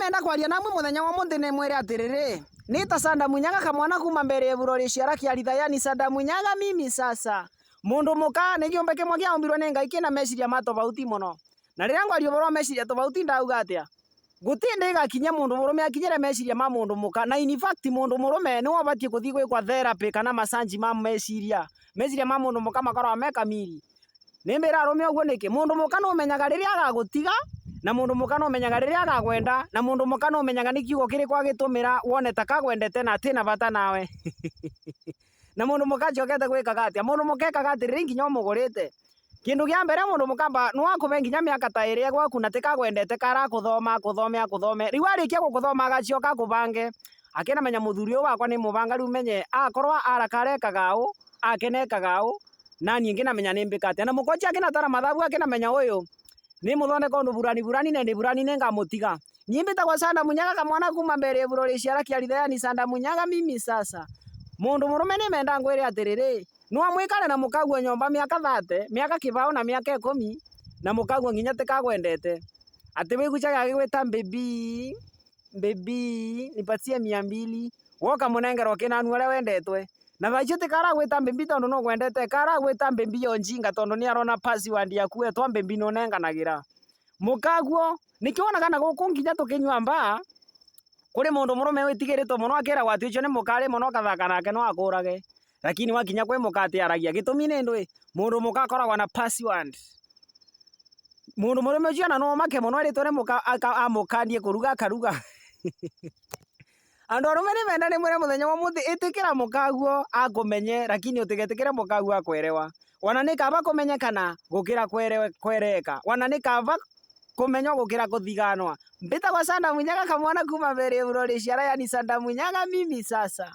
menda kwaria namwe muthenya wa munthi ni mwire atiriri ni ta Sanda Munyaga kamwana kuma mbere ya burori ciara kia ritha yani Sanda Munyaga mimi sasa mundu muka ni giumbe kimwe kia umbirwo ni ngai kina meciria matobauti muno na riria ngwaria uboro meciria tobauti ndauga atia guti gutinde kinya mundu murume akinyere meciria ma mundu muka na in fact mundu murume ni wabati kuthi gwe kwa therapy kana masanji ma meciria meciria ma mundu muka makorwa ameka kamiri ni mbira arume uguo niki mundu muka ni umenyaga riria agagutiga na mundu mukana menyaga riria agagwenda na mundu mukana menyaga ni kiugo kiri kwagitumira wone ta kagwendete na atina bata nawe na mundu mukajokete gwikaga atia mundu mukekaga ringi nginya umugurite kindu gia mbere mundu mukamba ni wakuve nginya miaka ta iria gwaku na tikagwendete kara kuthome akuthome akuthome riu arikia gukuthoma kubange akena menya muthuri uyu wakwa ni muvanga riu menye akorwa arakarekaga u akenekaga u na niĩ ngĩnamenya nĩ mbĩka atĩa na tara madhabu akina menya ũyũ ni muthondeka kondu burani burani na ni burani ne ngamutiga nie mbitagwa Sanda Munyaga ka mwana kuma mbere iburo riciara ni Sanda Munyaga mimi sasa mundu murume ni menda ngwere atiriri nwa mwikare na mukagwa nyomba miaka thate miaka kibao na miaka ikumi na mukagwa nginya gwendete ati wigucaga agigwita mbibi mbibi nipatie mia mbili woka munengerwo kinanu aria wendetwe na thaa icio ti kara gwĩta mbimbi tondũ nĩ ũgwendete kara gwĩta mbimbi yo jinga tondũ nĩ arona pasi wandi yaku yetwa mbimbi nĩ ũnenganagĩra. Mũkaguo nĩkĩo wonaga na gũkũ nginya tũkĩnyua mbaa kũrĩ mũndũ mũrũme wĩtigĩrĩtwo mũno akeragwo atĩ ũcio nĩ mũka rĩmwe na ũgathaka nake no akũrage lakini wakinya kwĩ mũka atiaragia gĩtũmi nĩ ndũĩ mũndũ mũka pasi wa ndi mũndũ mũrũme ũcio ona no ũmake mũno erĩtwo nĩ mũka amũkanie kũruga akaruga andu mena ni mendane må thenya wa å itikira mukaguo kä lakini må kaguo akwerewa wana nä kaba kä ra kwereka wana nä kaba kumenywo gukira kuthiganwa mbita kwa Sanda Munyaga kamwana kuma mbere burori ciara yani Sanda Munyaga mimi sasa